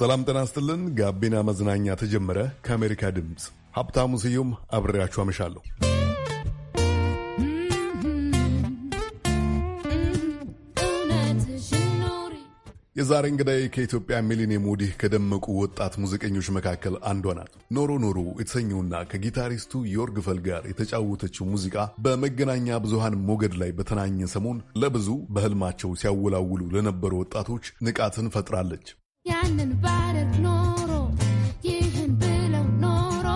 ሰላም ጤና ይስጥልን። ጋቢና መዝናኛ ተጀመረ። ከአሜሪካ ድምፅ ሀብታሙ ስዩም አብሬያችሁ አመሻለሁ። የዛሬ እንግዳይ ከኢትዮጵያ ሚሊኒየም ወዲህ ከደመቁ ወጣት ሙዚቀኞች መካከል አንዷ ናት። ኖሮ ኖሮ የተሰኘውና ከጊታሪስቱ ፈል ጋር የተጫወተችው ሙዚቃ በመገናኛ ብዙሃን ሞገድ ላይ በተናኘ ሰሞን ለብዙ በህልማቸው ሲያወላውሉ ለነበሩ ወጣቶች ንቃትን ፈጥራለች። ያንን ባረግ ኖሮ ይህን ብለው ኖሮ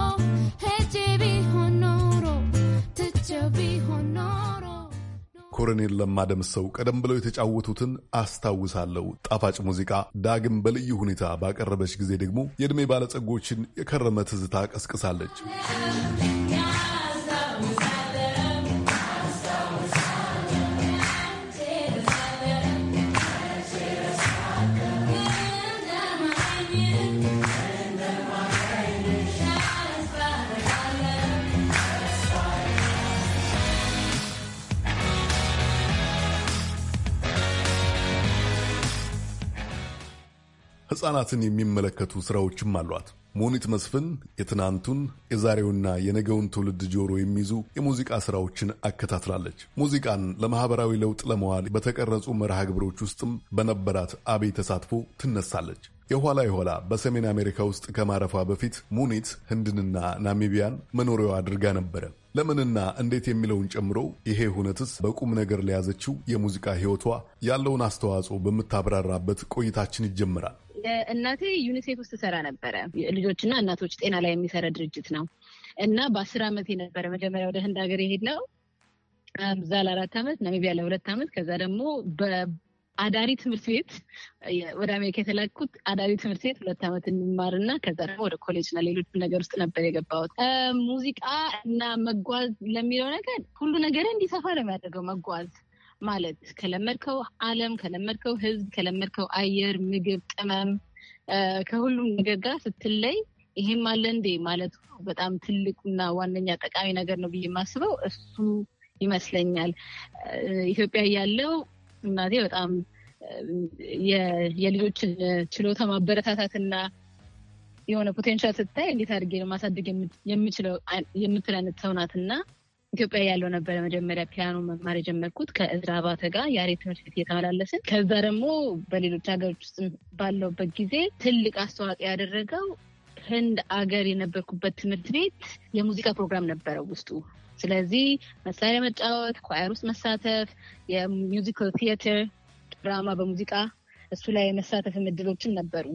ሄጄ ቢሆን ኖሮ ትቼው ቢሆን ኖሮ ደምሰው ቀደም ብለው የተጫወቱትን አስታውሳለሁ። ጣፋጭ ሙዚቃ ዳግም በልዩ ሁኔታ ባቀረበች ጊዜ ደግሞ የዕድሜ ባለጸጎችን የከረመ ትዝታ ቀስቅሳለች። ሕፃናትን የሚመለከቱ ሥራዎችም አሏት። ሞኒት መስፍን የትናንቱን የዛሬውና የነገውን ትውልድ ጆሮ የሚይዙ የሙዚቃ ሥራዎችን አከታትላለች። ሙዚቃን ለማኅበራዊ ለውጥ ለመዋል በተቀረጹ መርሃ ግብሮች ውስጥም በነበራት አብይ ተሳትፎ ትነሳለች። የኋላ የኋላ በሰሜን አሜሪካ ውስጥ ከማረፏ በፊት ሙኒት ህንድንና ናሚቢያን መኖሪያዋ አድርጋ ነበረ። ለምንና እንዴት የሚለውን ጨምሮ ይሄ ሁነትስ በቁም ነገር ለያዘችው የሙዚቃ ሕይወቷ ያለውን አስተዋጽኦ በምታብራራበት ቆይታችን ይጀምራል። እናቴ ዩኒሴፍ ውስጥ ሰራ ነበረ። ልጆችና እናቶች ጤና ላይ የሚሰራ ድርጅት ነው እና በአስር ዓመት ነበረ መጀመሪያ ወደ ህንድ ሀገር የሄድነው ነው እዛ ለአራት ዓመት ናሚቢያ ለሁለት ዓመት ከዛ ደግሞ በአዳሪ ትምህርት ቤት ወደ አሜሪካ የተላኩት አዳሪ ትምህርት ቤት ሁለት ዓመት እና ከዛ ደግሞ ወደ ኮሌጅ እና ሌሎች ነገር ውስጥ ነበር የገባሁት። ሙዚቃ እና መጓዝ ለሚለው ነገር ሁሉ ነገር እንዲሰፋ ነው የሚያደርገው መጓዝ ማለት ከለመድከው ዓለም ከለመድከው ሕዝብ ከለመድከው አየር፣ ምግብ፣ ቅመም ከሁሉም ነገር ጋር ስትለይ ይሄም አለ እንዴ ማለት በጣም ትልቁና ዋነኛ ጠቃሚ ነገር ነው ብዬ የማስበው እሱ ይመስለኛል። ኢትዮጵያ ያለው እናቴ በጣም የልጆችን ችሎታ ማበረታታትና የሆነ ፖቴንሻል ስታይ እንዴት አድርጌ ነው ማሳደግ የምችለው የምትል አይነት ሰው ናት እና ኢትዮጵያ ያለው ነበረ መጀመሪያ ፒያኖ መማር የጀመርኩት ከእዝራ አባተ ጋር ያሬድ ትምህርት ቤት እየተመላለስን። ከዛ ደግሞ በሌሎች ሀገሮች ውስጥ ባለውበት ጊዜ ትልቅ አስተዋጽኦ ያደረገው ህንድ አገር የነበርኩበት ትምህርት ቤት የሙዚቃ ፕሮግራም ነበረው ውስጡ። ስለዚህ መሳሪያ መጫወት፣ ኳየር ውስጥ መሳተፍ፣ የሚውዚካል ቲያትር፣ ድራማ በሙዚቃ እሱ ላይ መሳተፍ እድሎችን ነበሩ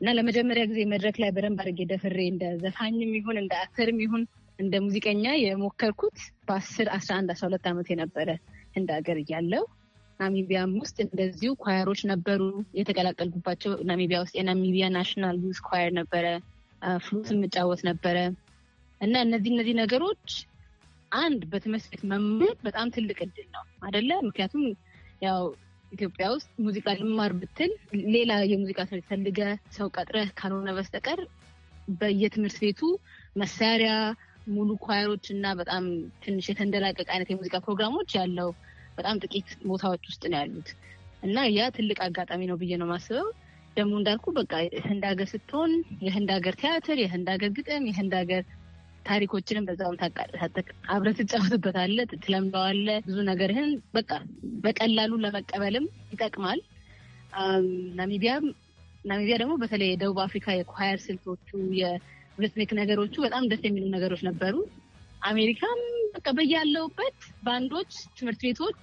እና ለመጀመሪያ ጊዜ መድረክ ላይ በደንብ አድርጌ ደፍሬ እንደ ዘፋኝም ይሁን እንደ አክተርም ይሁን እንደ ሙዚቀኛ የሞከርኩት በአስር አስራ አንድ አስራ ሁለት ዓመት የነበረ ህንድ ሀገር እያለው ናሚቢያም ውስጥ እንደዚሁ ኳየሮች ነበሩ የተቀላቀልኩባቸው። ናሚቢያ ውስጥ የናሚቢያ ናሽናል ዩዝ ኳየር ነበረ፣ ፍሉት የምጫወት ነበረ እና እነዚህ እነዚህ ነገሮች አንድ በትምህርት ቤት መማር በጣም ትልቅ እድል ነው አደለ? ምክንያቱም ያው ኢትዮጵያ ውስጥ ሙዚቃ ልማር ብትል ሌላ የሙዚቃ ትምህርት ፈልገ ሰው ቀጥረህ ካልሆነ በስተቀር በየትምህርት ቤቱ መሳሪያ ሙሉ ኳየሮች እና በጣም ትንሽ የተንደላቀቀ አይነት የሙዚቃ ፕሮግራሞች ያለው በጣም ጥቂት ቦታዎች ውስጥ ነው ያሉት እና ያ ትልቅ አጋጣሚ ነው ብዬ ነው ማስበው። ደግሞ እንዳልኩ በቃ የህንድ ሀገር ስትሆን የህንድ ሀገር ቲያትር፣ የህንድ ሀገር ግጥም፣ የህንድ ሀገር ታሪኮችንም በዛም አብረህ ትጫወትበታለህ፣ ትለምደዋለህ። ብዙ ነገርህን በቃ በቀላሉ ለመቀበልም ይጠቅማል። ናሚቢያ ናሚቢያ ደግሞ በተለይ የደቡብ አፍሪካ የኳየር ስልቶቹ ሁለት ነገሮቹ በጣም ደስ የሚሉ ነገሮች ነበሩ። አሜሪካም በቃ በያለውበት ባንዶች፣ ትምህርት ቤቶች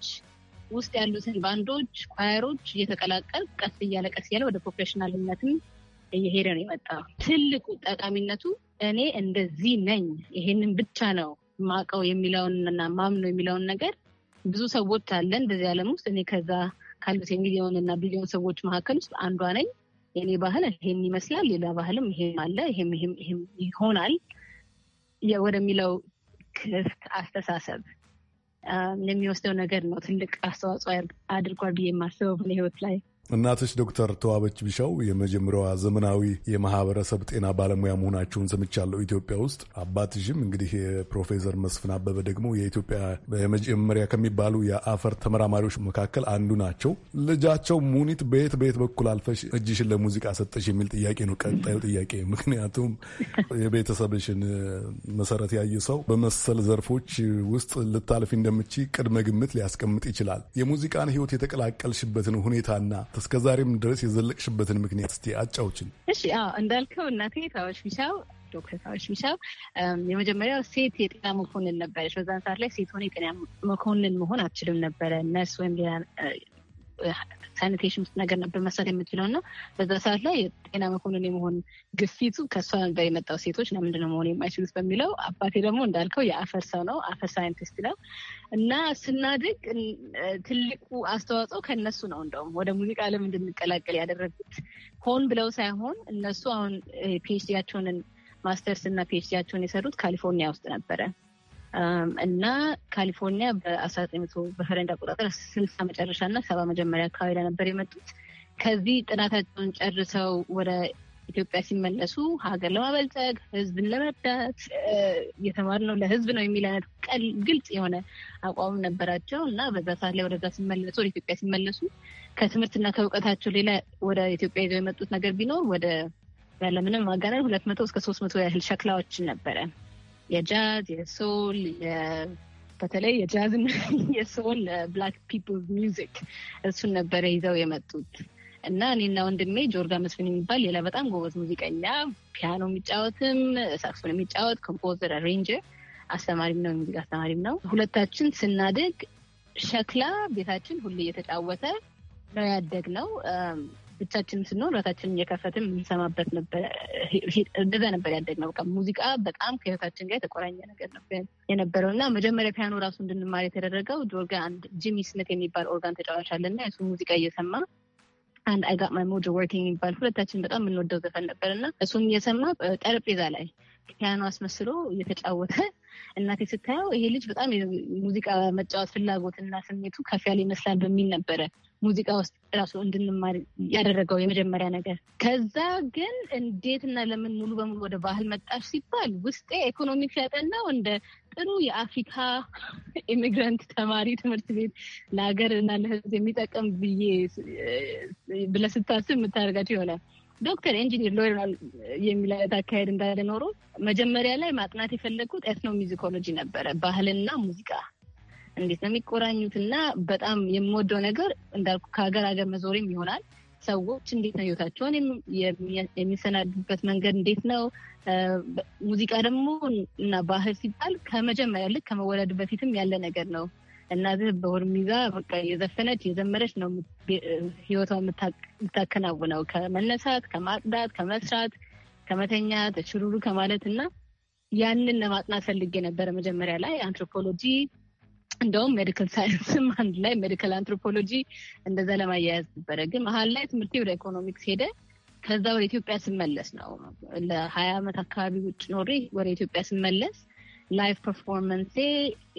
ውስጥ ያሉትን ባንዶች፣ ኳየሮች እየተቀላቀል ቀስ እያለ ቀስ እያለ ወደ ፕሮፌሽናልነትም እየሄደ ነው የመጣ። ትልቁ ጠቃሚነቱ እኔ እንደዚህ ነኝ ይሄንን ብቻ ነው ማቀው የሚለውንና ማምነው የሚለውን ነገር ብዙ ሰዎች አለን በዚህ ዓለም ውስጥ እኔ ከዛ ካሉት የሚሊዮን እና ቢሊዮን ሰዎች መካከል ውስጥ አንዷ ነኝ። የኔ ባህል ይሄን ይመስላል፣ ሌላ ባህልም ይሄም አለ፣ ይሄም ይሄም ይሆናል ወደሚለው ክፍት አስተሳሰብ የሚወስደው ነገር ነው ትልቅ አስተዋጽኦ አድርጓል ብዬ የማስበው በህይወት ላይ እናቶች ዶክተር ተዋበች ቢሻው የመጀመሪያዋ ዘመናዊ የማህበረሰብ ጤና ባለሙያ መሆናቸውን ሰምቻለሁ ኢትዮጵያ ውስጥ። አባትሽም እንግዲህ ፕሮፌሰር መስፍን አበበ ደግሞ የኢትዮጵያ የመጀመሪያ ከሚባሉ የአፈር ተመራማሪዎች መካከል አንዱ ናቸው። ልጃቸው ሙኒት በየት በየት በኩል አልፈሽ እጅሽን ለሙዚቃ ሰጠሽ የሚል ጥያቄ ነው ቀጣዩ ጥያቄ። ምክንያቱም የቤተሰብሽን መሰረት ያየ ሰው በመሰል ዘርፎች ውስጥ ልታልፊ እንደምች ቅድመ ግምት ሊያስቀምጥ ይችላል። የሙዚቃን ህይወት የተቀላቀልሽበትን ሁኔታና እስከ ዛሬም ድረስ የዘለቅሽበትን ምክንያት እስቲ አጫውችን። እሺ፣ አዎ እንዳልከው እናቴ ታዎች ሚሻው ዶክተር ታዎች ሚሻው የመጀመሪያው ሴት የጤና መኮንን ነበረች። በዛን ሰዓት ላይ ሴት ሆነ የጤና መኮንን መሆን አችልም ነበረ። ነርስ ወይም ሳኒቴሽን ውስጥ ነገር ነበር የምትችለው እና በዛ ሰዓት ላይ ጤና መኮንን የመሆን ግፊቱ ከእሷ ነበር የመጣው። ሴቶች ለምንድነው መሆን የማይችሉት በሚለው አባቴ ደግሞ እንዳልከው የአፈር ሰው ነው፣ አፈር ሳይንቲስት ነው እና ስናድግ ትልቁ አስተዋጽኦ ከነሱ ነው። እንደውም ወደ ሙዚቃ ዓለም እንድንቀላቀል ያደረጉት ሆን ብለው ሳይሆን እነሱ አሁን ፒኤችዲያቸውን ማስተርስ እና ፒኤችዲያቸውን የሰሩት ካሊፎርኒያ ውስጥ ነበረ እና ካሊፎርኒያ በአስራ ዘጠኝ መቶ በፈረንጅ አቆጣጠር ስልሳ መጨረሻ እና ሰባ መጀመሪያ አካባቢ ለነበር የመጡት። ከዚህ ጥናታቸውን ጨርሰው ወደ ኢትዮጵያ ሲመለሱ ሀገር ለማበልጸግ ህዝብን ለመርዳት ነው ለህዝብ ነው የሚል አይነት ቀል ግልጽ የሆነ አቋም ነበራቸው እና በዛ ሰዓት ላይ ወደዛ ሲመለሱ ወደ ኢትዮጵያ ሲመለሱ ከትምህርትና ከእውቀታቸው ሌላ ወደ ኢትዮጵያ ይዘው የመጡት ነገር ቢኖር ወደ ያለምንም ማጋነን ሁለት መቶ እስከ ሶስት መቶ ያህል ሸክላዎችን ነበረ የጃዝ የሶል በተለይ የጃዝና የሶል ብላክ ፒፕል ሚውዚክ እሱን ነበረ ይዘው የመጡት እና እኔና ወንድሜ ጆርጋ መስፍን የሚባል ሌላ በጣም ጎበዝ ሙዚቀኛ ፒያኖ የሚጫወትም ሳክሶን የሚጫወት ኮምፖዘር፣ አሬንጀር አስተማሪም ነው፣ የሙዚቃ አስተማሪም ነው። ሁለታችን ስናድግ ሸክላ ቤታችን ሁሌ እየተጫወተ ነው ያደግ ነው። ብቻችንም ስንሆን ራሳችንን እየከፈትን የምንሰማበት ነበር። እንደዛ ነበር ያደግነው። በቃ ሙዚቃ በጣም ከህይወታችን ጋር የተቆራኘ ነገር ነበር የነበረው እና መጀመሪያ ፒያኖ ራሱ እንድንማር የተደረገው ጆርጋ አንድ ጂሚ ስነት የሚባል ኦርጋን ተጫዋች አለና የሱ ሙዚቃ እየሰማ አንድ አይ ጋት ማይ ሞጆ ወርኪንግ የሚባል ሁለታችን በጣም የምንወደው ዘፈን ነበር እና እሱን እየሰማ ጠረጴዛ ላይ ፒያኖ አስመስሎ እየተጫወተ እናቴ ስታየው ይሄ ልጅ በጣም ሙዚቃ መጫወት ፍላጎት እና ስሜቱ ከፍ ያለ ይመስላል በሚል ነበረ ሙዚቃ ውስጥ ራሱ እንድንማር ያደረገው የመጀመሪያ ነገር። ከዛ ግን እንዴት እና ለምን ሙሉ በሙሉ ወደ ባህል መጣሽ ሲባል ውስጤ ኢኮኖሚክስ ያጠናው እንደ ጥሩ የአፍሪካ ኢሚግራንት ተማሪ ትምህርት ቤት ለሀገር እና ለሕዝብ የሚጠቅም ብዬ ብለህ ስታስብ የምታደርጋቸው ይሆናል። ዶክተር፣ ኢንጂኒር፣ ሎይራል የሚል አይነት አካሄድ እንዳለ ኖሮ መጀመሪያ ላይ ማጥናት የፈለግኩት ኤትኖሚዚኮሎጂ ሚዚኮሎጂ ነበረ። ባህልና ሙዚቃ እንዴት ነው የሚቆራኙት? እና በጣም የምወደው ነገር እንዳልኩ ከሀገር ሀገር መዞሪም ይሆናል ሰዎች እንዴት ነው ህይወታቸውን የሚሰናዱበት መንገድ እንዴት ነው? ሙዚቃ ደግሞ እና ባህል ሲባል ከመጀመሪያ ልክ ከመወለድ በፊትም ያለ ነገር ነው። እናትህ በሁርም ይዛ በቃ የዘፈነች የዘመረች ነው ህይወቷ የምታከናውነው። ከመነሳት፣ ከማጽዳት፣ ከመስራት፣ ከመተኛት፣ ሽሩሩ ከማለት እና ያንን ለማጥናት ፈልጌ ነበረ መጀመሪያ ላይ አንትሮፖሎጂ እንደውም ሜዲካል ሳይንስም አንድ ላይ ሜዲካል አንትሮፖሎጂ እንደዛ ለማያያዝ ነበረ። ግን መሀል ላይ ትምህርቴ ወደ ኢኮኖሚክስ ሄደ። ከዛ ወደ ኢትዮጵያ ስመለስ ነው ለሀያ ዓመት አካባቢ ውጭ ኖሬ ወደ ኢትዮጵያ ስመለስ ላይቭ ፐርፎርመንሴ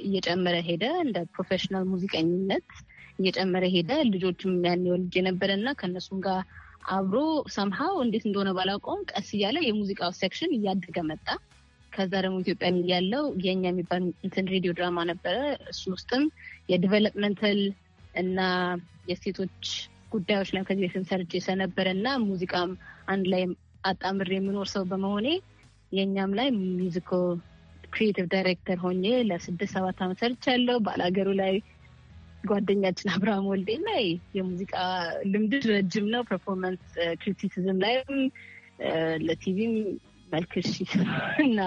እየጨመረ ሄደ። እንደ ፕሮፌሽናል ሙዚቀኝነት እየጨመረ ሄደ። ልጆችም ያን ወልጅ የነበረ እና ከእነሱም ጋር አብሮ ሰምሃው እንዴት እንደሆነ ባላውቀውም ቀስ እያለ የሙዚቃው ሴክሽን እያደገ መጣ። ከዛ ደግሞ ኢትዮጵያ ያለው የኛ የሚባል እንትን ሬዲዮ ድራማ ነበረ። እሱ ውስጥም የዲቨሎፕመንታል እና የሴቶች ጉዳዮች ላይ ከዚህ በፊት ሰርቼ ስለነበረ እና ሙዚቃም አንድ ላይ አጣምር የምኖር ሰው በመሆኔ የእኛም ላይ ሚዚኮ ክሪኤቲቭ ዳይሬክተር ሆኜ ለስድስት ሰባት ዓመት ሰርቻለሁ። ባላገሩ ላይ ጓደኛችን አብርሃም ወልዴ ላይ የሙዚቃ ልምድ ረጅም ነው። ፐርፎርማንስ ክሪቲሲዝም ላይም ለቲቪም መልክሽ እና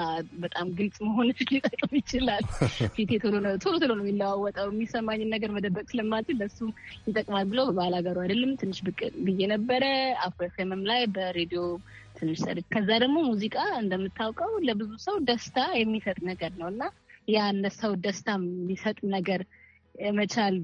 በጣም ግልጽ መሆንሽ ሊጠቅም ይችላል። ፊቴ ቶሎ ቶሎ ነው የሚለዋወጠው። የሚሰማኝን ነገር መደበቅ ስለማልችል ለሱ ይጠቅማል ብሎ ባላገሩ አይደለም ትንሽ ብቅ ብዬ ነበረ። አፍሮ ኤፍ ኤምም ላይ በሬዲዮ ትንሽ ሰርች። ከዛ ደግሞ ሙዚቃ እንደምታውቀው ለብዙ ሰው ደስታ የሚሰጥ ነገር ነው እና ያን ሰው ደስታ የሚሰጥ ነገር መቻል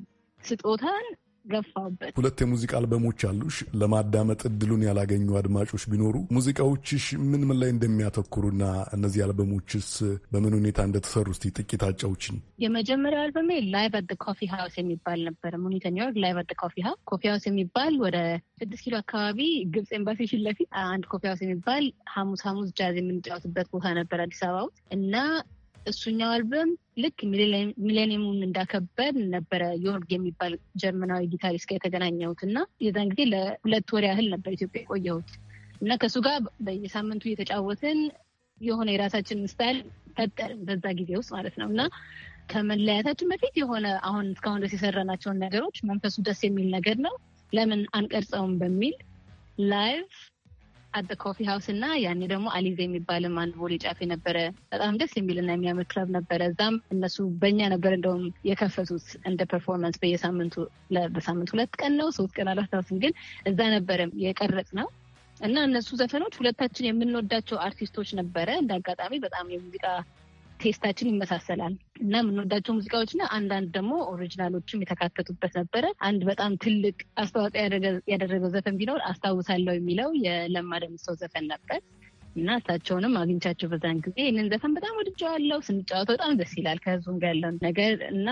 ስጦታን ገፋውበት። ሁለት የሙዚቃ አልበሞች አሉሽ። ለማዳመጥ እድሉን ያላገኙ አድማጮች ቢኖሩ ሙዚቃዎችሽ ምን ምን ላይ እንደሚያተኩሩና እነዚህ አልበሞችስ በምን ሁኔታ እንደተሰሩ እስቲ ጥቂት አጫውችን። የመጀመሪያው አልበሜ ላይቭ አት ኮፊ ሀውስ የሚባል ነበረ። ሙኒተ ኒውዮርክ ላይቭ አት ኮፊ ሀውስ ኮፊ ሀውስ የሚባል ወደ ስድስት ኪሎ አካባቢ ግብፅ ኤምባሲ ፊት ለፊት አንድ ኮፊ ሀውስ የሚባል ሀሙስ ሐሙስ ጃዝ የምንጫወትበት ቦታ ነበር አዲስ አበባ ውስጥ እና እሱኛው አልበም ልክ ሚሌኒየሙን እንዳከበር ነበረ ዮርግ የሚባል ጀርመናዊ ጊታሪስት ጋር የተገናኘሁት እና የዛን ጊዜ ለሁለት ወር ያህል ነበር ኢትዮጵያ የቆየሁት እና ከእሱ ጋር በየሳምንቱ እየተጫወትን የሆነ የራሳችንን ስታይል ፈጠርን በዛ ጊዜ ውስጥ ማለት ነው እና ከመለያታችን በፊት የሆነ አሁን እስካሁን ደስ የሰራናቸውን ነገሮች መንፈሱ ደስ የሚል ነገር ነው፣ ለምን አንቀርጸውም በሚል ላይቭ አደ ኮፊ ሀውስ እና ያኔ ደግሞ አሊዜ የሚባልም አንድ ቦሌ ጫፍ የነበረ በጣም ደስ የሚልና የሚያምር ክለብ ነበረ። እዛም እነሱ በእኛ ነበር እንደውም የከፈቱት እንደ ፐርፎርማንስ በየሳምንቱ በሳምንት ሁለት ቀን ነው ሶስት ቀን አላስታውስም፣ ግን እዛ ነበረ የቀረጽ ነው እና እነሱ ዘፈኖች ሁለታችን የምንወዳቸው አርቲስቶች ነበረ። እንደ አጋጣሚ በጣም የሙዚቃ ቴስታችን ይመሳሰላል እና የምንወዳቸው ሙዚቃዎችና አንዳንድ ደግሞ ኦሪጂናሎችም የተካተቱበት ነበረ። አንድ በጣም ትልቅ አስተዋጽኦ ያደረገው ዘፈን ቢኖር አስታውሳለሁ የሚለው የለማ ደምሰው ዘፈን ነበር። እና እሳቸውንም አግኝቻቸው በዛን ጊዜ ይህንን ዘፈን በጣም ወድጀዋለሁ። ስንጫወት በጣም ደስ ይላል ከህዝቡም ጋር ያለውን ነገር እና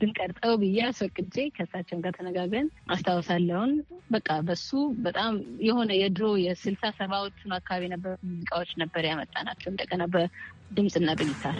ድንቀርጠው ብዬ አስፈቅጄ ከእሳቸውን ጋር ተነጋግረን አስታውሳለውን በቃ በሱ በጣም የሆነ የድሮ የስልሳ ሰባዎቹን አካባቢ ነበር ሙዚቃዎች ነበር ናቸው እንደገና በድምፅና በጊታር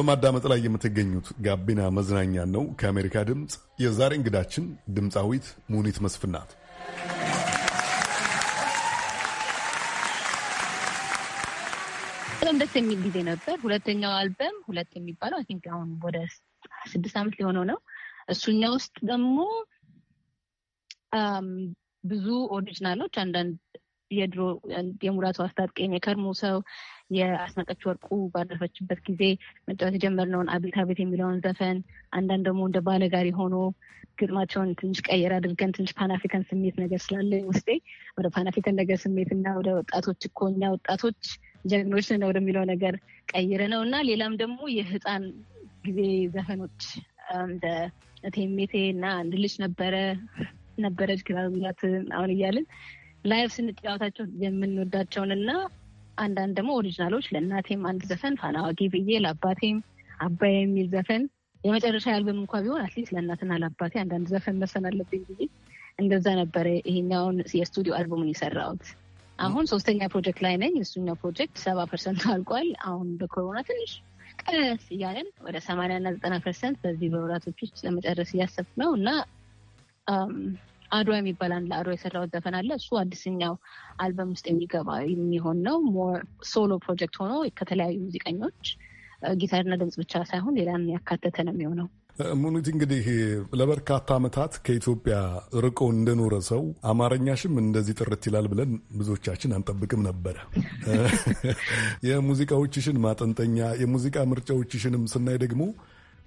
በማዳመጥ ላይ የምትገኙት ጋቢና መዝናኛ ነው ከአሜሪካ ድምፅ። የዛሬ እንግዳችን ድምፃዊት ሙኒት መስፍን ናት። በጣም ደስ የሚል ጊዜ ነበር። ሁለተኛው አልበም ሁለት የሚባለው አይ ቲንክ አሁን ወደ ስድስት ዓመት ሊሆነው ነው። እሱኛ ውስጥ ደግሞ ብዙ ኦሪጂናሎች አንዳንድ የድሮ የሙላቱ አስታጥቄን የከርሞ ሰው የአስናቀች ወርቁ ባረፈችበት ጊዜ መጫወት የጀመርነውን አቤት አቤት የሚለውን ዘፈን አንዳንድ ደግሞ እንደ ባለጋሪ ሆኖ ግጥማቸውን ትንሽ ቀየር አድርገን ትንሽ ፓናፍሪካን ስሜት ነገር ስላለኝ ውስጤ ወደ ፓናፍሪካን ነገር ስሜት እና ወደ ወጣቶች እኮ እኛ ወጣቶች ጀግኖች ነው ወደሚለው ነገር ቀይረ ነው እና ሌላም ደግሞ የህፃን ጊዜ ዘፈኖች እንደ ቴሜቴ እና አንድ ልጅ ነበረ ነበረች ግራዝላት አሁን እያልን ላይቭ ስንጫወታቸው የምንወዳቸውን እና አንዳንድ ደግሞ ኦሪጂናሎች ለእናቴም አንድ ዘፈን ፋና ዋጊ ብዬ ለአባቴም አባይ የሚል ዘፈን የመጨረሻ ያልበም እንኳ ቢሆን አትሊስት ለእናትና ለአባቴ አንዳንድ ዘፈን መሰን አለብኝ ብዬ እንደዛ ነበረ ይሄኛውን የስቱዲዮ አልበሙን የሰራሁት። አሁን ሶስተኛ ፕሮጀክት ላይ ነኝ። እሱኛው ፕሮጀክት ሰባ ፐርሰንት አልቋል። አሁን በኮሮና ትንሽ ቀስ እያለን ወደ ሰማንያ እና ዘጠና ፐርሰንት በዚህ በወራቶች ውስጥ ለመጨረስ እያሰብኩ ነው እና አድዋ የሚባል አንድ ለአድዋ የሰራሁት ዘፈን አለ። እሱ አዲስኛው አልበም ውስጥ የሚገባ የሚሆን ነው። ሞር ሶሎ ፕሮጀክት ሆኖ ከተለያዩ ሙዚቀኞች ጊታርና ድምጽ ብቻ ሳይሆን ሌላን ያካተተ ነው የሚሆነው። ሙኒት እንግዲህ ለበርካታ ዓመታት ከኢትዮጵያ ርቆ እንደኖረ ሰው አማርኛሽም እንደዚህ ጥርት ይላል ብለን ብዙዎቻችን አንጠብቅም ነበረ። የሙዚቃዎችሽን ማጠንጠኛ የሙዚቃ ምርጫዎችሽንም ስናይ ደግሞ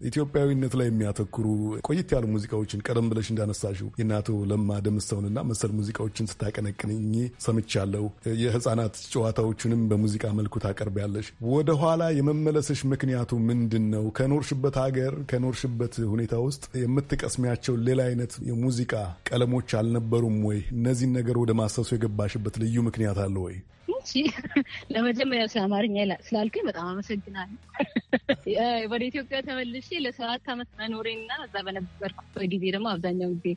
ኢትዮጵያዊነት ላይ የሚያተኩሩ ቆየት ያሉ ሙዚቃዎችን ቀደም ብለሽ እንዳነሳሽው የእናቶ ለማ ደምሰውንና መሰል ሙዚቃዎችን ስታቀነቅንኝ ሰምቻለሁ። የህፃናት ጨዋታዎቹንም በሙዚቃ መልኩ ታቀርቢያለሽ። ወደኋላ የመመለስሽ ምክንያቱ ምንድን ነው? ከኖርሽበት ሀገር ከኖርሽበት ሁኔታ ውስጥ የምትቀስሚያቸው ሌላ አይነት የሙዚቃ ቀለሞች አልነበሩም ወይ? እነዚህን ነገር ወደ ማሰሱ የገባሽበት ልዩ ምክንያት አለ ወይ? አንቺ ለመጀመሪያ ስለ አማርኛ ስላልከኝ በጣም አመሰግናለሁ። ወደ ኢትዮጵያ ተመልሼ ለሰባት ዓመት መኖሬና እዛ በነበርኩበት ጊዜ ደግሞ አብዛኛው ጊዜ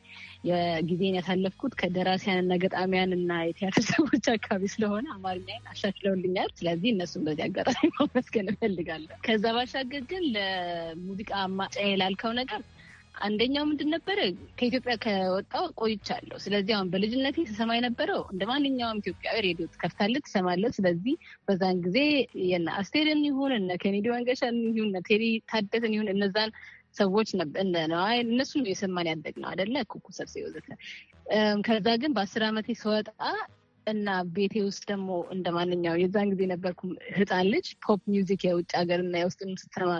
የጊዜን ያሳለፍኩት ከደራሲያን እና ገጣሚያን እና የቲያትር ሰዎች አካባቢ ስለሆነ አማርኛ አሻሽለውልኛል። ስለዚህ እነሱም በዚህ አጋጣሚ ማመስገን እፈልጋለሁ። ከዛ ባሻገር ግን ለሙዚቃ ማጫ ላልከው ነገር አንደኛው ምንድን ነበረ ከኢትዮጵያ ከወጣው ቆይቻለሁ። ስለዚህ አሁን በልጅነት ስሰማ የነበረው እንደ ማንኛውም ኢትዮጵያዊ ሬዲዮ ትከፍታለህ፣ ትሰማለህ። ስለዚህ በዛን ጊዜ የነ አስቴርን ይሁን እነ ኬኔዲ መንገሻን ይሁን እነ ቴሪ ታደሰን ይሁን እነዛን ሰዎች እነሱ የሰማን ያደግ ነው አደለ ኩኩ ሰብሰ ወዘተ። ከዛ ግን በአስር ዓመቴ ስወጣ እና ቤቴ ውስጥ ደግሞ እንደ ማንኛው የዛን ጊዜ ነበርኩ ህፃን ልጅ ፖፕ ሚውዚክ የውጭ ሀገር እና የውስጥ ስትሰማ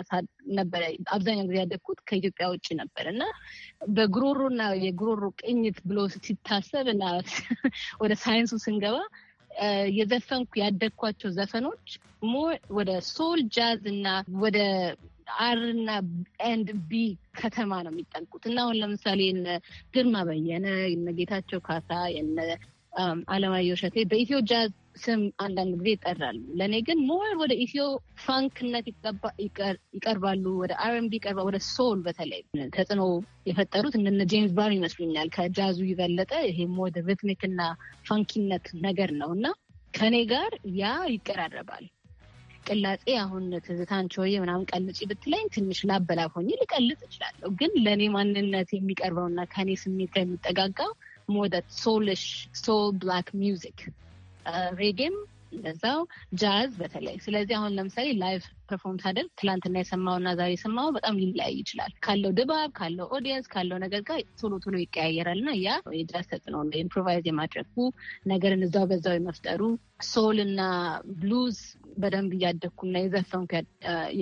ነበረ። አብዛኛው ጊዜ ያደግኩት ከኢትዮጵያ ውጭ ነበር እና በጉሮሮ እና የጉሮሮ ቅኝት ብሎ ሲታሰብ እና ወደ ሳይንሱ ስንገባ የዘፈንኩ ያደግኳቸው ዘፈኖች ሞር ወደ ሶል ጃዝ እና ወደ አር እና ኤንድ ቢ ከተማ ነው የሚጠንቁት እና አሁን ለምሳሌ ግርማ በየነ የነ ጌታቸው ካሳ የነ Um, አለማየሁ እሸቴ በኢትዮ ጃዝ ስም አንዳንድ ጊዜ ይጠራሉ። ለእኔ ግን ሞር ወደ ኢትዮ ፋንክነት ይቀርባሉ። ወደ አርኤንቢ ይቀርባ ወደ ሶል በተለይ ተጽዕኖ የፈጠሩት እነ ጄምስ ባር ይመስሉኛል። ከጃዙ የበለጠ ይሄ ወደ እና ፋንኪነት ነገር ነው እና ከእኔ ጋር ያ ይቀራረባል። ቅላጼ አሁን ትዝታን ቾዬ ምናምን ቀልጪ ብትለኝ ትንሽ ላበላ ሆኜ ልቀልጥ እችላለሁ። ግን ለእኔ ማንነት የሚቀርበውና ከእኔ ስሜት ጋር የሚጠጋጋው ሞር ዛት ሶልሽ ሶል ብላክ ሚውዚክ ሬጌም እንደዛው ጃዝ በተለይ ስለዚህ አሁን ለምሳሌ ላይቭ ፐርፎርም ሳደርግ ትላንትና የሰማውና ዛሬ የሰማው በጣም ሊለያይ ይችላል። ካለው ድባብ፣ ካለው ኦዲየንስ፣ ካለው ነገር ጋር ቶሎ ቶሎ ይቀያየራል እና ያ የጃዝ ተጽዕኖ ነው። ኢምፕሮቫይዝ የማድረጉ ነገርን እዛው በዛው የመፍጠሩ ሶል እና ብሉዝ በደንብ እያደግኩና የዘፈንኩ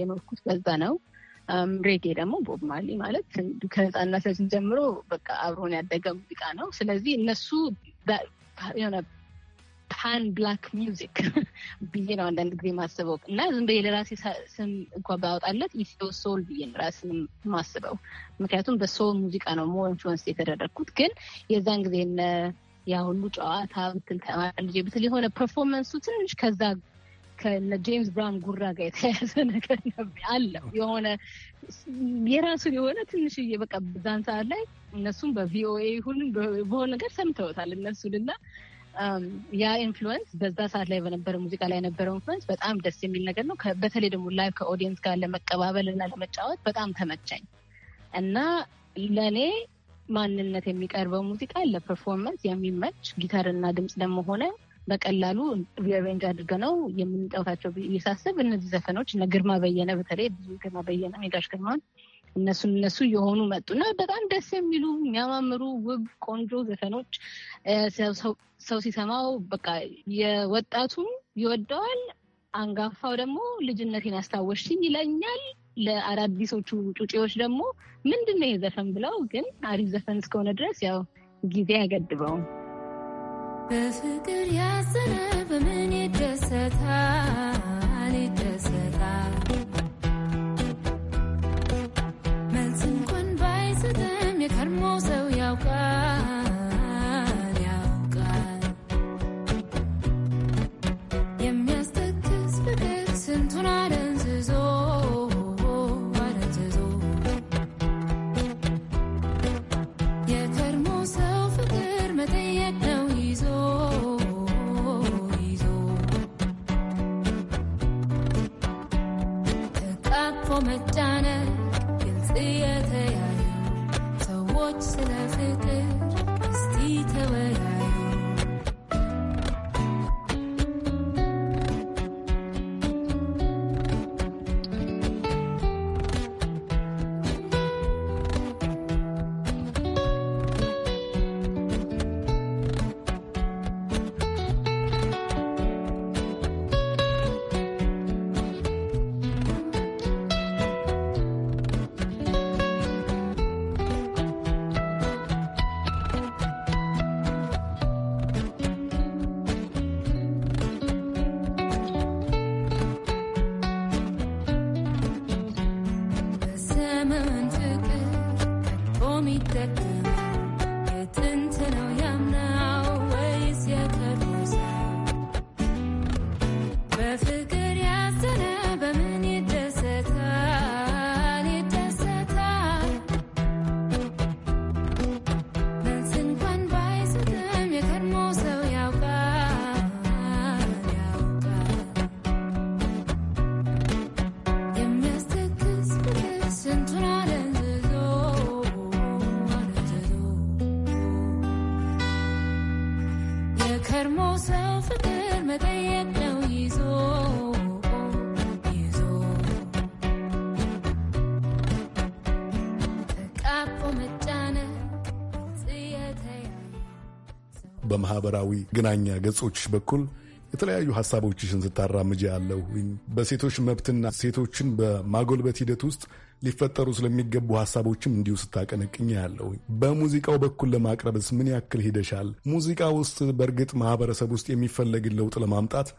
የኖርኩት በዛ ነው። ሬጌ ደግሞ ቦብ ማሊ ማለት ከህፃንነታችን ጀምሮ በቃ አብሮን ያደገ ሙዚቃ ነው። ስለዚህ እነሱ የሆነ ፓን ብላክ ሚውዚክ ብዬ ነው አንዳንድ ጊዜ ማስበው እና ዝም ብዬ ለራሴ ስም እንኳ ባወጣለት ኢትዮ ሶል ብዬ ነው ራስ ማስበው ምክንያቱም በሶል ሙዚቃ ነው ሞር ኢንፍሉንስ የተደረግኩት። ግን የዛን ጊዜ ያ ሁሉ ጨዋታ ብትል ተማሪ ልጄ ብትል የሆነ ፐርፎርመንሱ ትንሽ ከዛ ከጄምስ ብራውን ጉራ ጋር የተያያዘ ነገር አለው። የሆነ የራሱን የሆነ ትንሽዬ በቃ ብዛን ሰዓት ላይ እነሱም በቪኦኤ ይሁን በሆነ ነገር ሰምተውታል እነሱንና ያ ኢንፍሉወንስ በዛ ሰዓት ላይ በነበረ ሙዚቃ ላይ የነበረው ኢንፍሉዌንስ በጣም ደስ የሚል ነገር ነው። በተለይ ደግሞ ላይቭ ከኦዲየንስ ጋር ለመቀባበል እና ለመጫወት በጣም ተመቻኝ እና ለእኔ ማንነት የሚቀርበው ሙዚቃ ለፐርፎርመንስ የሚመች ጊታርና ድምፅ ደግሞ ሆነ በቀላሉ ሪአሬንጅ አድርገ ነው የምንጫወታቸው ብዬ ሳስብ እነዚህ ዘፈኖች እነ ግርማ በየነ በተለይ ብዙ ግርማ በየነ ሜጋሽ ግርማን እነሱን እነሱ የሆኑ መጡ እና በጣም ደስ የሚሉ የሚያማምሩ ውብ ቆንጆ ዘፈኖች ሰው ሲሰማው በቃ የወጣቱም ይወደዋል። አንጋፋው ደግሞ ልጅነቴን አስታወስሽኝ ይለኛል። ለአዳዲሶቹ ጩጬዎች ደግሞ ምንድን ነው የዘፈን ብለው ግን አሪፍ ዘፈን እስከሆነ ድረስ ያው ጊዜ አይገድበውም። በፍቅር ያዘነ በምን ይደሰታል ይደሰታል ተላቆ መጫነቅ ግልጽ የተያዩ ሰዎች ስለ ፍቅር እስቲ ተወያ በማህበራዊ ግናኛ ገጾች በኩል የተለያዩ ሀሳቦችሽን ስታራምጅ ያለሁኝ በሴቶች መብትና ሴቶችን በማጎልበት ሂደት ውስጥ ሊፈጠሩ ስለሚገቡ ሀሳቦችም እንዲሁ ስታቀነቅኝ ያለሁኝ። በሙዚቃው በኩል ለማቅረብስ ምን ያክል ሂደሻል? ሙዚቃ ውስጥ በእርግጥ ማህበረሰብ ውስጥ የሚፈለግን ለውጥ ለማምጣት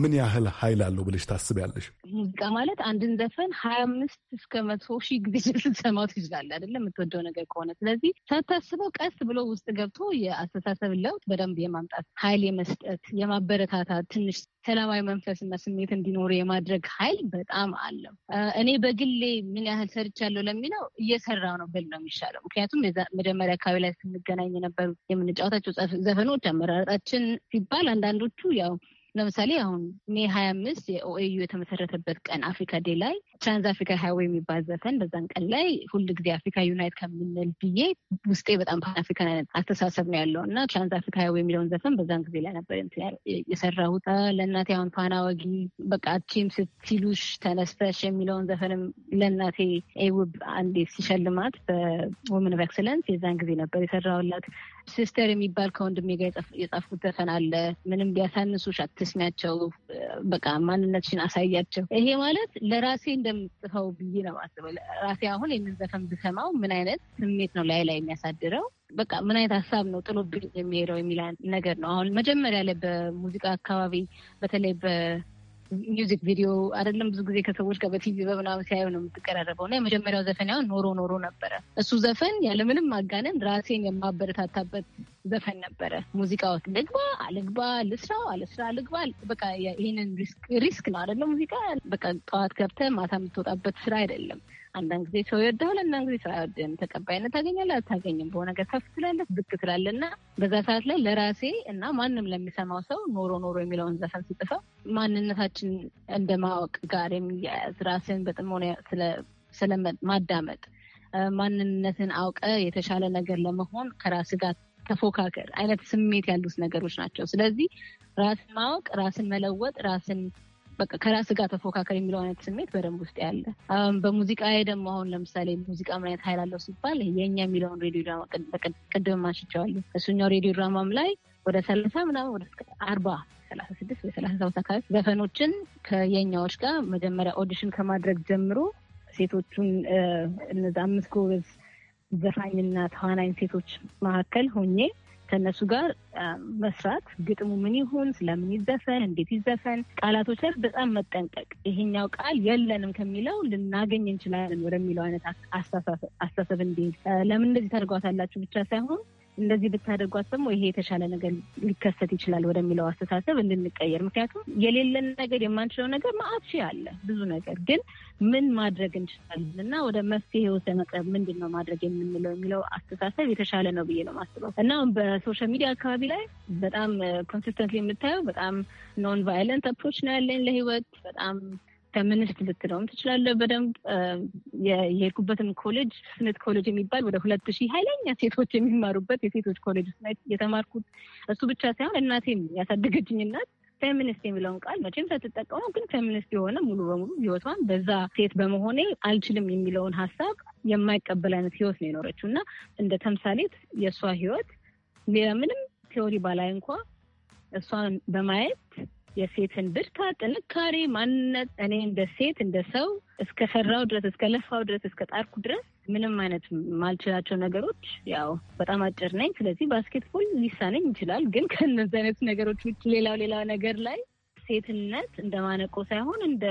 ምን ያህል ኃይል አለው ብለሽ ታስቢያለሽ? ሙዚቃ ማለት አንድን ዘፈን ሀያ አምስት እስከ መቶ ሺህ ጊዜ ልትሰማው ትችላለህ አይደለም፣ የምትወደው ነገር ከሆነ ስለዚህ ሳታስበው ቀስ ብሎ ውስጥ ገብቶ የአስተሳሰብ ለውጥ በደንብ የማምጣት ኃይል የመስጠት የማበረታታት ትንሽ ሰላማዊ መንፈስና ስሜት እንዲኖሩ የማድረግ ኃይል በጣም አለው። እኔ በግሌ ምን ያህል ሰርቻለሁ ለሚለው እየሰራው ነው ብል ነው የሚሻለው። ምክንያቱም መጀመሪያ አካባቢ ላይ ስንገናኝ የነበሩ የምንጫወታቸው ዘፈኖች አመራረጣችን ሲባል አንዳንዶቹ ያው ለምሳሌ አሁን ሜ ሀያ አምስት የኦኤዩ የተመሰረተበት ቀን አፍሪካ ዴ ላይ ትራንስ አፍሪካ ሃይዌይ የሚባል ዘፈን በዛን ቀን ላይ ሁል ጊዜ አፍሪካ ዩናይት ከምንል ብዬ ውስጤ በጣም ፓን አፍሪካን አይነት አስተሳሰብ ነው ያለው እና ትራንስ አፍሪካ ሃይዌይ የሚለውን ዘፈን በዛን ጊዜ ላይ ነበር የሰራሁት። ለእናቴ አሁን ፓና ወጊ በቃ ቺም ስትሉሽ ተነስተሽ የሚለውን ዘፈንም ለእናቴ ኤውብ አንዴ ሲሸልማት በወመን ኦፍ ኤክሰለንስ የዛን ጊዜ ነበር የሰራሁላት። ሲስተር የሚባል ከወንድሜ ጋር የጻፍኩት ዘፈን አለ ምንም ሊያሳንሱሽ አትስሚያቸው፣ በቃ ማንነትሽን አሳያቸው። ይሄ ማለት ለራሴ እንደምጽፈው ብዬ ነው ማስበው። ራሴ አሁን ይህንን ዘፈን ብሰማው ምን አይነት ስሜት ነው ላይ ላይ የሚያሳድረው በቃ ምን አይነት ሀሳብ ነው ጥሎብኝ የሚሄደው የሚል ነገር ነው። አሁን መጀመሪያ ላይ በሙዚቃ አካባቢ በተለይ ሚውዚክ ቪዲዮ አይደለም ብዙ ጊዜ ከሰዎች ጋር በቲቪ በምናምን ሲያዩ ነው የምትቀራረበው እና የመጀመሪያው ዘፈን ያሁን ኖሮ ኖሮ ነበረ። እሱ ዘፈን ያለምንም ማጋነን ራሴን የማበረታታበት ዘፈን ነበረ። ሙዚቃ ውስጥ ልግባ አልግባ፣ ልስራው አልስራ፣ ልግባ በቃ ይህንን ሪስክ ነው አይደለ? ሙዚቃ በቃ ጠዋት ገብተህ ማታ የምትወጣበት ስራ አይደለም። አንዳንድ ጊዜ ሰው ይወደዋል፣ አንዳንድ ጊዜ ሰው አይወድም። ተቀባይነት ታገኛለህ አታገኝም፣ በሆነ ነገር ከፍ ትላለህ፣ ብቅ ትላለህ እና በዛ ሰዓት ላይ ለራሴ እና ማንም ለሚሰማው ሰው ኖሮ ኖሮ የሚለውን ዘፈን ስጽፈው ማንነታችን እንደ ማወቅ ጋር የሚያያዝ ራስን በጥሞና ስለማዳመጥ ማንነትን አውቀ የተሻለ ነገር ለመሆን ከራስ ጋር ተፎካከር አይነት ስሜት ያሉት ነገሮች ናቸው። ስለዚህ ራስን ማወቅ፣ ራስን መለወጥ፣ ራስን በቃ ከራስ ጋር ተፎካከር የሚለው አይነት ስሜት በደንብ ውስጥ ያለ። በሙዚቃ ደግሞ አሁን ለምሳሌ ሙዚቃ ምን አይነት ኃይል አለው ሲባል የእኛ የሚለውን ሬዲዮ ድራማ ቅድም ማሽቸዋለሁ። እሱኛው ሬዲዮ ድራማም ላይ ወደ ሰላሳ ምናምን ወደ አርባ ሰላሳ ስድስት ወደ ሰላሳ ሰባት አካባቢ ዘፈኖችን ከየኛዎች ጋር መጀመሪያ ኦዲሽን ከማድረግ ጀምሮ ሴቶቹን እነዚ አምስት ጎበዝ ዘፋኝና ተዋናኝ ሴቶች መካከል ሆኜ ከእነሱ ጋር መስራት ግጥሙ ምን ይሁን፣ ስለምን ይዘፈን፣ እንዴት ይዘፈን፣ ቃላቶች ላይ በጣም መጠንቀቅ ይሄኛው ቃል የለንም ከሚለው ልናገኝ እንችላለን ወደሚለው አይነት አስተሳሰብ እንዲሄድ ለምን እንደዚህ ታደርጓታላችሁ ብቻ ሳይሆን እንደዚህ ብታደርጓት ደግሞ ይሄ የተሻለ ነገር ሊከሰት ይችላል ወደሚለው አስተሳሰብ እንድንቀየር። ምክንያቱም የሌለን ነገር የማንችለው ነገር መአት አለ ብዙ ነገር ግን ምን ማድረግ እንችላለን እና ወደ መፍትሄ ወስደ መቅረብ ምንድን ነው ማድረግ የምንለው የሚለው አስተሳሰብ የተሻለ ነው ብዬ ነው ማስበው እና በሶሻል ሚዲያ አካባቢ ላይ በጣም ኮንሲስተንትሊ የምታየው በጣም ኖን ቫይለንት አፕሮች ነው ያለኝ ለህይወት በጣም ፌሚኒስት ልትለውም ትችላለህ። በደንብ የሄድኩበትም ኮሌጅ ስነት ኮሌጅ የሚባል ወደ ሁለት ሺህ ኃይለኛ ሴቶች የሚማሩበት የሴቶች ኮሌጅ የተማርኩት እሱ ብቻ ሳይሆን እናቴም ያሳደገችኝ እናት ፌሚኒስት የሚለውን ቃል መቼም ሳትጠቀሙ ግን ፌሚኒስት የሆነ ሙሉ በሙሉ ህይወቷን በዛ ሴት በመሆኔ አልችልም የሚለውን ሀሳብ የማይቀበል አይነት ህይወት ነው የኖረችው እና እንደ ተምሳሌት የእሷ ህይወት ምንም ቴዎሪ ባላይ እንኳ እሷን በማየት የሴትን ብርታት፣ ጥንካሬ፣ ማንነት እኔ እንደ ሴት እንደ ሰው እስከ ሰራው ድረስ እስከ ለፋው ድረስ እስከ ጣርኩ ድረስ ምንም አይነት ማልችላቸው ነገሮች ያው በጣም አጭር ነኝ። ስለዚህ ባስኬትቦል ሊሳነኝ ይችላል። ግን ከነዚህ አይነት ነገሮች ውጭ ሌላው ሌላው ነገር ላይ ሴትነት እንደ ማነቆ ሳይሆን እንደ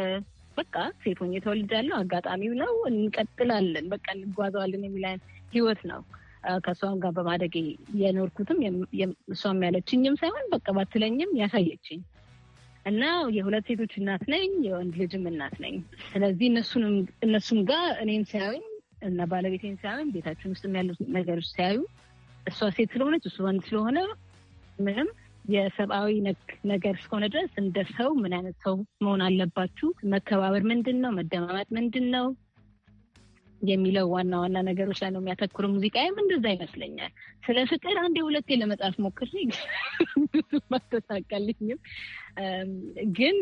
በቃ ሴት ሆኜ ተወልጃለሁ፣ አጋጣሚው ነው፣ እንቀጥላለን፣ በቃ እንጓዘዋለን የሚል ህይወት ነው። ከእሷም ጋር በማደጌ የኖርኩትም እሷም ያለችኝም ሳይሆን በቃ ባትለኝም ያሳየችኝ እና የሁለት ሴቶች እናት ነኝ፣ የወንድ ልጅም እናት ነኝ። ስለዚህ እነሱም ጋር እኔም ሲያዩኝ እና ባለቤቴን ሲያዩኝ ቤታችን ውስጥ ያሉት ነገሮች ሲያዩ እሷ ሴት ስለሆነች እሱ ወንድ ስለሆነ ምንም የሰብአዊ ነገር እስከሆነ ድረስ እንደ ሰው ምን አይነት ሰው መሆን አለባችሁ፣ መከባበር ምንድን ነው፣ መደማመጥ ምንድን ነው የሚለው ዋና ዋና ነገሮች ላይ ነው የሚያተኩር። ሙዚቃዬም እንደዛ ይመስለኛል። ስለ ፍቅር አንዴ ሁለቴ ለመጻፍ ሞክሬ አልተሳካልኝም። ግን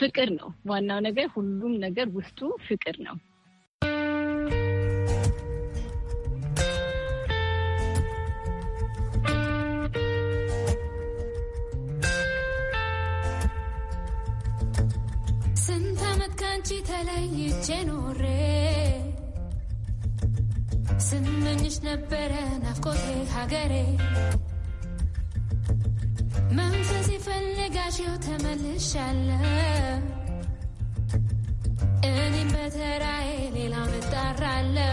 ፍቅር ነው ዋናው ነገር። ሁሉም ነገር ውስጡ ፍቅር ነው። ስንት ከአንቺ ተለይቼ ኖሬ ነበረ ናፍቆቴ ሀገሬ መንፈስ ይፈልጋሽው ተመልሻለሁ እኔም በተራዬ ሌላውን እጣራለሁ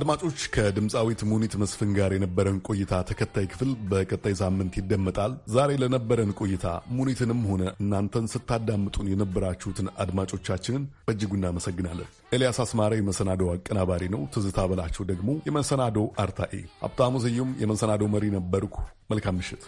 አድማጮች ከድምፃዊት ሙኒት መስፍን ጋር የነበረን ቆይታ ተከታይ ክፍል በቀጣይ ሳምንት ይደመጣል። ዛሬ ለነበረን ቆይታ ሙኒትንም ሆነ እናንተን ስታዳምጡን የነበራችሁትን አድማጮቻችንን በእጅጉ እናመሰግናለን። ኤልያስ አስማረ የመሰናዶ አቀናባሪ ነው። ትዝታ በላቸው ደግሞ የመሰናዶ አርታኢ፣ ሀብታሙ ስዩም የመሰናዶ መሪ ነበርኩ። መልካም ምሽት።